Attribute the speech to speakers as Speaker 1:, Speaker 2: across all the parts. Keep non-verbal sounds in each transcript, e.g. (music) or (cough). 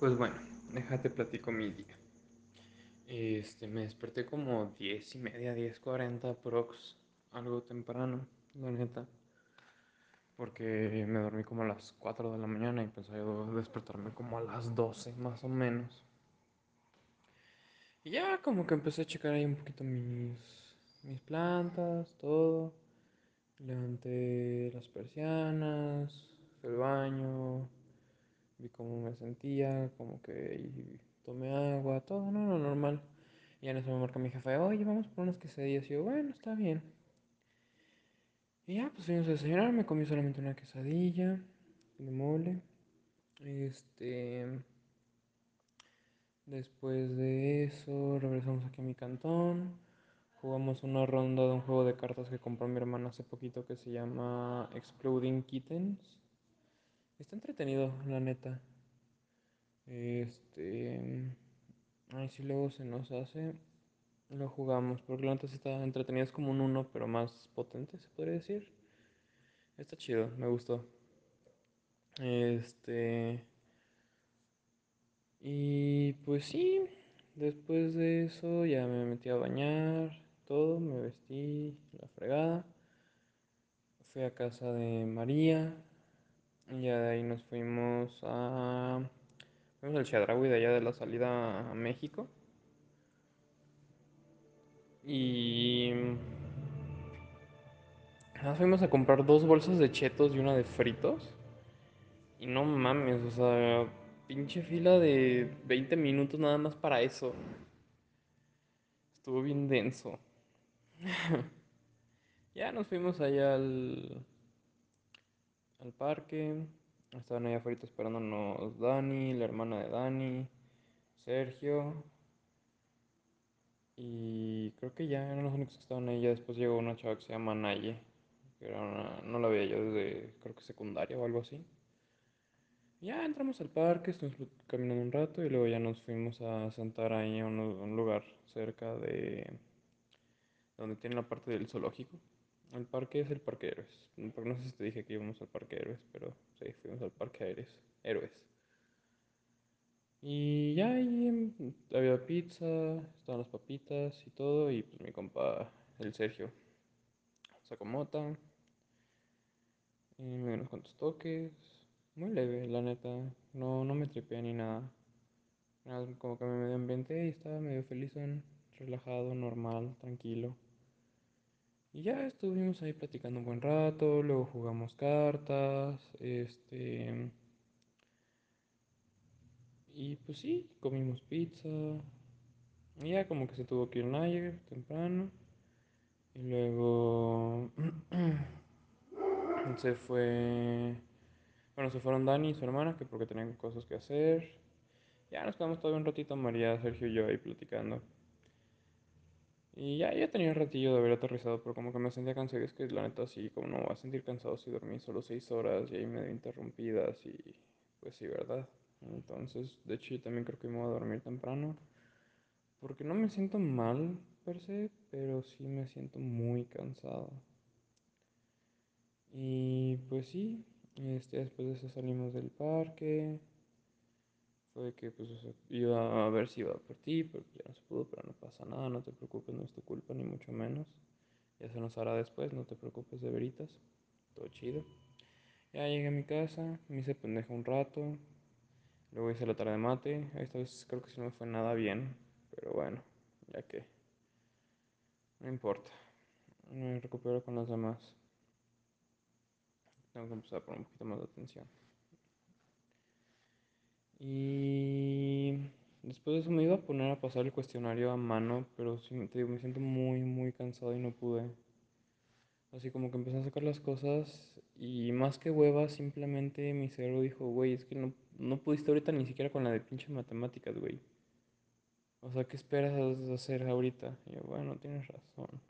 Speaker 1: Pues bueno, déjate platico mi día. Este, me desperté como 10 y media, 10.40 prox, algo temprano, la neta. Porque me dormí como a las 4 de la mañana y pensé despertarme como a las 12 más o menos. Y ya como que empecé a checar ahí un poquito mis, mis plantas, todo. Levanté las persianas, el baño, vi cómo me sentía, como que tomé agua, todo, no, Lo normal. Y en eso me marca mi jefe, oye, vamos por unas quesadillas. Y yo, bueno, está bien. Y ya, pues fuimos a desayunar, me comí solamente una quesadilla de mole. Este. Después de eso, regresamos aquí a mi cantón. Jugamos una ronda de un juego de cartas que compró mi hermano hace poquito que se llama Exploding Kittens. Está entretenido, la neta. Este. Ay, si luego se nos hace, lo jugamos. Porque la neta está entretenido. Es como un uno, pero más potente, se podría decir. Está chido, me gustó. Este. Y pues sí, después de eso ya me metí a bañar, todo, me vestí, la fregada. Fui a casa de María, ya de ahí nos fuimos a. Fuimos al Chedraui de allá de la salida a México. Y. Nos fuimos a comprar dos bolsas de chetos y una de fritos. Y no mames, o sea, pinche fila de 20 minutos nada más para eso. Estuvo bien denso. (laughs) ya nos fuimos allá al al parque. Estaban ahí afuera esperándonos Dani, la hermana de Dani, Sergio. Y creo que ya eran los únicos que estaban ahí. Ya después llegó una chava que se llama Naye. Que no la veía yo desde creo que secundaria o algo así. Ya entramos al parque, estuvimos caminando un rato y luego ya nos fuimos a sentar ahí en un lugar cerca de donde tiene la parte del zoológico. El parque es el Parque Héroes. No sé si te dije que íbamos al Parque Héroes, pero sí, fuimos al Parque Héroes. Héroes. Y ya ahí había pizza, estaban las papitas y todo, y pues mi compa, el Sergio, sacó mota. Y me unos cuantos toques. Muy leve, la neta. No, no me tripea ni nada. nada. Como que me medio ambiente y estaba medio feliz, relajado, normal, tranquilo. Y ya estuvimos ahí platicando un buen rato, luego jugamos cartas, este... Y pues sí, comimos pizza. Y ya como que se tuvo que ir Nayer temprano. Y luego (clears throat) se fue... Bueno, se fueron Dani y su hermana, que porque tenían cosas que hacer. Ya nos quedamos todavía un ratito María, Sergio y yo ahí platicando. Y ya, ya tenía ratillo de haber aterrizado, pero como que me sentía cansado. Es que la neta, sí, como no me voy a sentir cansado si dormí solo seis horas y ahí medio interrumpidas. Y pues sí, ¿verdad? Entonces, de hecho, yo también creo que me voy a dormir temprano. Porque no me siento mal per se, pero sí me siento muy cansado. Y pues sí, este, después de eso salimos del parque fue que pues iba a ver si iba por ti, pero pues, ya no se pudo, pero no pasa nada, no te preocupes, no es tu culpa, ni mucho menos. Ya se nos hará después, no te preocupes de veritas, todo chido. Ya llegué a mi casa, me hice pendeja un rato, luego hice la tarde de mate, esta vez creo que sí no me fue nada bien, pero bueno, ya que no importa, me recupero con las demás. Tengo que empezar a poner un poquito más de atención. Y después de eso me iba a poner a pasar el cuestionario a mano, pero te digo, me siento muy, muy cansado y no pude. Así como que empecé a sacar las cosas y más que hueva, simplemente mi cerebro dijo, güey, es que no, pudiste ahorita ni siquiera con la de pinche matemáticas, güey. O sea, ¿qué esperas hacer ahorita? Y yo, bueno, tienes razón.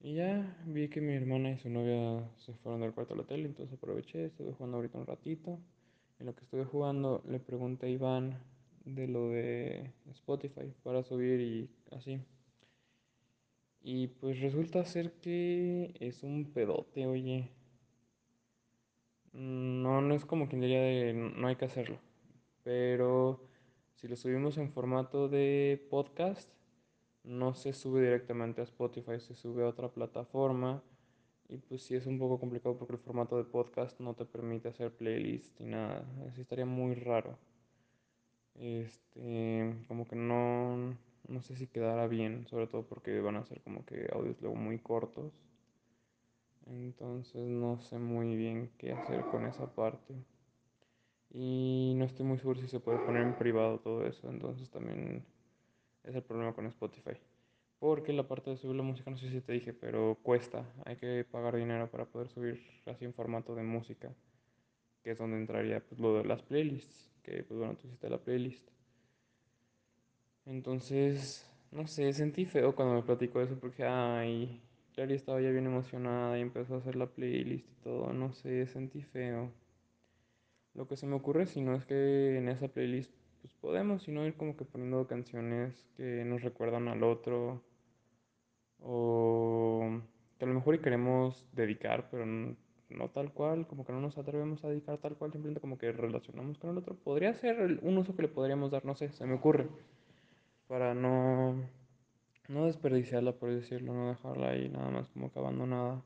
Speaker 1: Y ya vi que mi hermana y su novia se fueron del cuarto al hotel, entonces aproveché, estuve jugando ahorita un ratito en lo que estuve jugando, le pregunté a Iván de lo de Spotify para subir y así. Y pues resulta ser que es un pedote, oye. No, no es como quien diría de no hay que hacerlo. Pero si lo subimos en formato de podcast, no se sube directamente a Spotify, se sube a otra plataforma y pues sí es un poco complicado porque el formato de podcast no te permite hacer playlist ni nada. Así estaría muy raro. Este, como que no, no sé si quedará bien, sobre todo porque van a ser como que audios luego muy cortos. Entonces no sé muy bien qué hacer con esa parte. Y no estoy muy seguro si se puede poner en privado todo eso. Entonces también es el problema con Spotify. Porque la parte de subir la música, no sé si te dije, pero cuesta. Hay que pagar dinero para poder subir así en formato de música. Que es donde entraría pues, lo de las playlists. Que pues bueno, tú hiciste la playlist. Entonces, no sé, sentí feo cuando me platicó eso porque, ay, Clary estaba ya bien emocionada y empezó a hacer la playlist y todo. No sé, sentí feo. Lo que se me ocurre si no es que en esa playlist pues podemos, sino ir como que poniendo canciones que nos recuerdan al otro o a lo mejor y queremos dedicar, pero no, tal cual, como que no nos atrevemos a dedicar tal cual, simplemente como que relacionamos con el otro. Podría ser un uso que le podríamos dar, no sé, se me ocurre, para no, no desperdiciarla, por decirlo, no dejarla ahí nada más como que abandonada.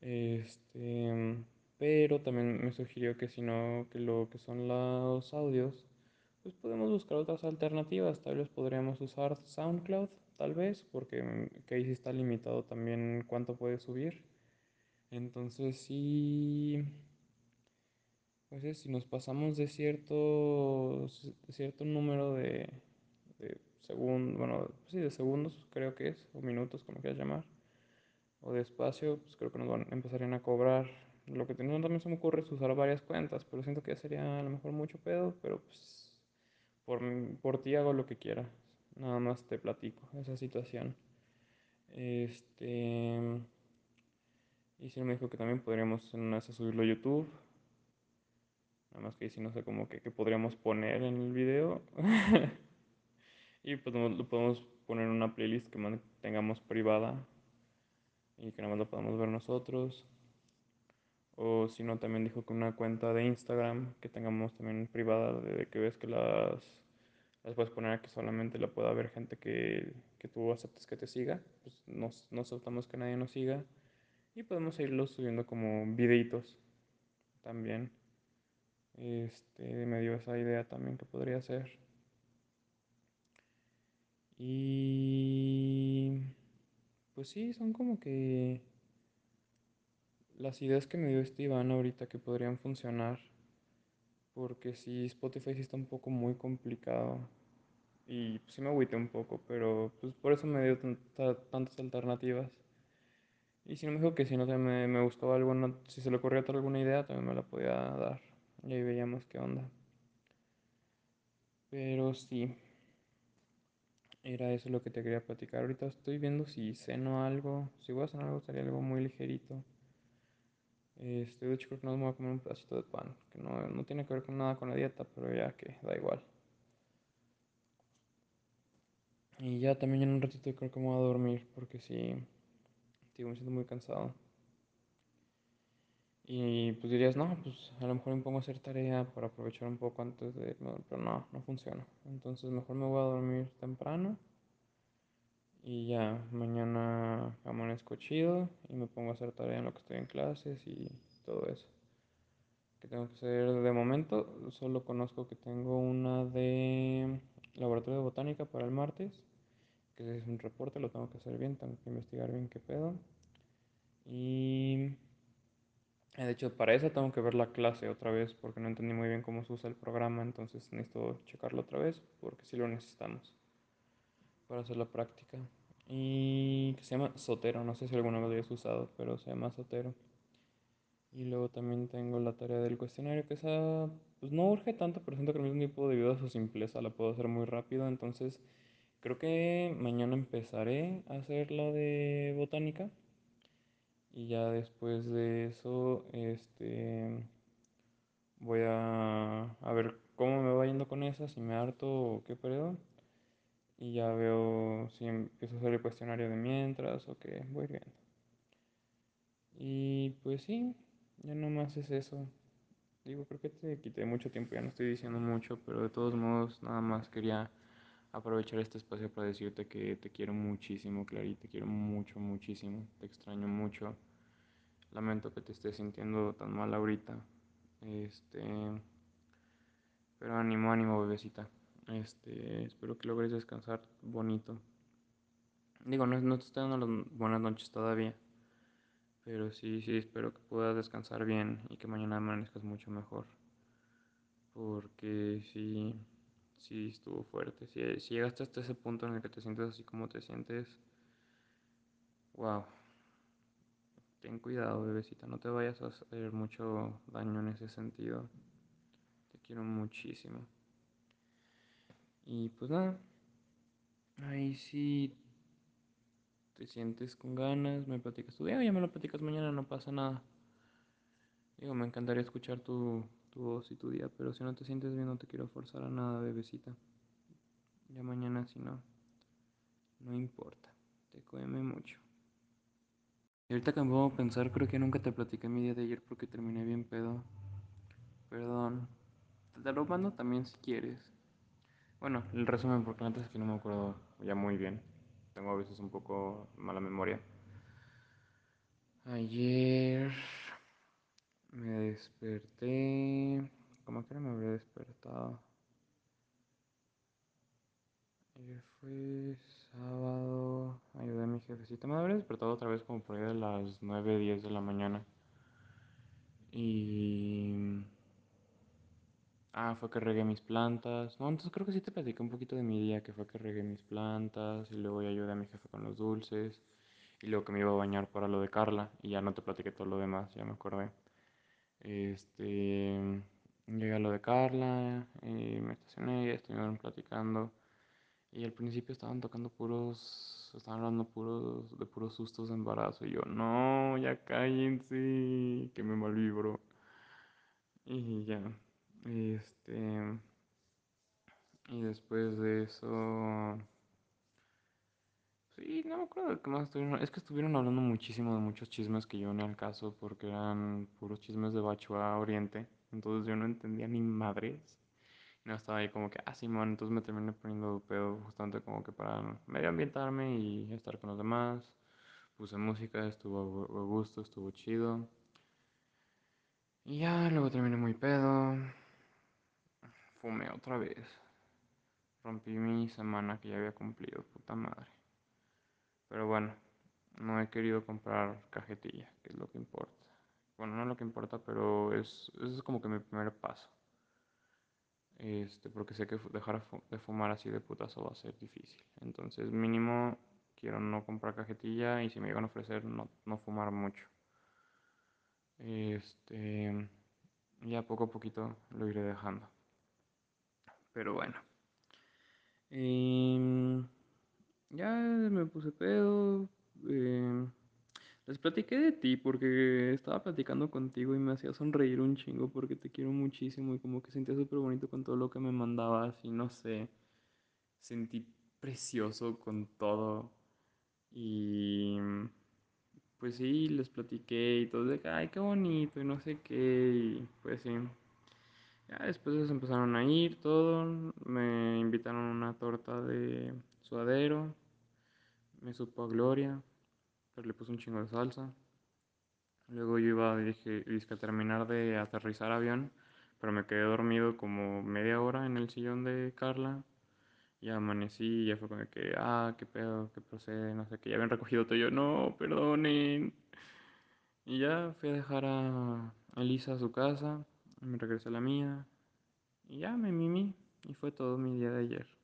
Speaker 1: Este, pero también me sugirió que si no, que lo que son los audios, pues podemos buscar otras alternativas, tal vez podríamos usar SoundCloud tal vez, porque mm, sí está limitado también cuánto puede subir. Entonces sí, pues si nos pasamos de cierto, cierto número de, de segundos, pues de segundos creo que es, o minutos como quieras llamar, o de espacio, pues creo que nos empezarían a cobrar. Lo que también se me ocurre es usar varias cuentas, pero siento que sería a lo mejor mucho pedo, pero pues por, por ti hago lo que quiera. Nada más te platico esa situación. Este. Y si no me dijo que también podríamos en subirlo a YouTube. Nada más que si no sé cómo que, podríamos poner en el video. (laughs) y pues lo podemos poner en una playlist que tengamos privada y que nada más lo podamos ver nosotros. O si no, también dijo que una cuenta de Instagram que tengamos también privada de que ves que las las puedes poner a que solamente la pueda ver gente que, que tú aceptes que te siga. Pues no aceptamos que nadie nos siga. Y podemos irlo subiendo como videitos también. Este, me dio esa idea también que podría hacer. Y pues sí, son como que las ideas que me dio Esteban ahorita que podrían funcionar porque sí, Spotify sí está un poco muy complicado y pues, sí me agüité un poco, pero pues por eso me dio tantas alternativas. Y si no me dijo que si no me, me algo si se le ocurrió alguna idea, también me la podía dar. Y ahí veíamos qué onda. Pero sí. Era eso lo que te quería platicar. Ahorita estoy viendo si ceno algo. Si voy a cenar algo, sería algo muy ligerito estoy de hecho, creo que me voy a comer un pedacito de pan, que no, no tiene que ver con nada con la dieta, pero ya que da igual. Y ya también en un ratito creo que me voy a dormir, porque sí, me siento muy cansado. Y pues dirías, no, pues a lo mejor me pongo a hacer tarea para aprovechar un poco antes de irme, pero no, no funciona. Entonces mejor me voy a dormir temprano. Y ya, mañana amanezco chido y me pongo a hacer tarea en lo que estoy en clases y todo eso. Que tengo que hacer de momento, solo conozco que tengo una de laboratorio de botánica para el martes, que es un reporte, lo tengo que hacer bien, tengo que investigar bien qué pedo. Y de hecho, para eso tengo que ver la clase otra vez, porque no entendí muy bien cómo se usa el programa, entonces necesito checarlo otra vez, porque sí lo necesitamos para hacer la práctica. Y que se llama Sotero, no sé si alguno vez habéis usado, pero se llama Sotero. Y luego también tengo la tarea del cuestionario, que esa pues no urge tanto, pero siento que al mismo tiempo debido a su simpleza la puedo hacer muy rápido. Entonces creo que mañana empezaré a hacer la de botánica. Y ya después de eso, este voy a, a ver cómo me va yendo con esa, si me harto o qué pedo y ya veo si empiezo a hacer el cuestionario de mientras o que voy viendo. Y pues sí, ya no más es eso. Digo, creo que te quité mucho tiempo, ya no estoy diciendo mucho, pero de todos modos nada más quería aprovechar este espacio para decirte que te quiero muchísimo, Clarita te quiero mucho, muchísimo, te extraño mucho. Lamento que te estés sintiendo tan mal ahorita. Este, pero ánimo, ánimo, bebecita. Este, espero que logres descansar bonito. Digo, no, te estoy dando las buenas noches todavía. Pero sí, sí, espero que puedas descansar bien y que mañana amanezcas mucho mejor. Porque sí, sí estuvo fuerte. Si, si llegaste hasta ese punto en el que te sientes así como te sientes, wow. Ten cuidado, bebecita. No te vayas a hacer mucho daño en ese sentido. Te quiero muchísimo. Y pues nada, ahí sí te sientes con ganas, me platicas tu día, ya me lo platicas mañana, no pasa nada. Digo, me encantaría escuchar tu, voz y tu día, pero si no te sientes bien no te quiero forzar a nada, bebecita. Ya mañana si no, no importa, te cueme mucho. Y ahorita que me a pensar, creo que nunca te platicé mi día de ayer porque terminé bien pedo. Perdón. Te lo mando también si quieres. Bueno, el resumen, porque antes es que no me acuerdo ya muy bien. Tengo a veces un poco mala memoria. Ayer me desperté. ¿Cómo que me habría despertado? Ayer fue sábado. Ayudé a mi jefecita. Me habré despertado otra vez como por ahí de las 9, 10 de la mañana. Y Ah, fue que regué mis plantas. No, entonces creo que sí te platicé un poquito de mi día, que fue que regué mis plantas y luego yo ayudé a mi jefe con los dulces y luego que me iba a bañar para lo de Carla y ya no te platiqué todo lo demás, ya me acordé. Este, llegué a lo de Carla y me estacioné y estuvieron platicando y al principio estaban tocando puros, estaban hablando puros, de puros sustos de embarazo y yo, no, ya cállense, que me malvibro. Y ya, y este. Y después de eso. Sí, no me acuerdo de qué más estuvieron. Es que estuvieron hablando muchísimo de muchos chismes que yo no al caso porque eran puros chismes de bachua Oriente. Entonces yo no entendía ni madres. No estaba ahí como que, ah, Simón, sí, entonces me terminé poniendo pedo justamente como que para medio ambientarme y estar con los demás. Puse música, estuvo a gusto, estuvo chido. Y ya, luego terminé muy pedo fumé otra vez. Rompí mi semana que ya había cumplido, puta madre. Pero bueno, no he querido comprar cajetilla, que es lo que importa. Bueno, no es lo que importa, pero es, es como que mi primer paso. Este, porque sé que dejar de fumar así de putazo va a ser difícil. Entonces, mínimo, quiero no comprar cajetilla y si me llegan a ofrecer, no, no fumar mucho. Este, ya poco a poquito lo iré dejando. Pero bueno. Em, ya me puse pedo. Em, les platiqué de ti porque estaba platicando contigo y me hacía sonreír un chingo porque te quiero muchísimo y como que sentía súper bonito con todo lo que me mandabas y no sé, sentí precioso con todo y pues sí, les platiqué y todo de ay, qué bonito y no sé qué y pues sí. Ya después ellos empezaron a ir, todo. Me invitaron una torta de suadero. Me supo a Gloria. Pero le puse un chingo de salsa. Luego yo iba dije, a terminar de aterrizar avión. Pero me quedé dormido como media hora en el sillón de Carla. y amanecí, ya fue como que, ah, qué pedo, qué procede, no sé qué. Ya habían recogido todo. Yo, no, perdonen. Y ya fui a dejar a Elisa a su casa me regresé a la mía y ya me mimí y fue todo mi día de ayer.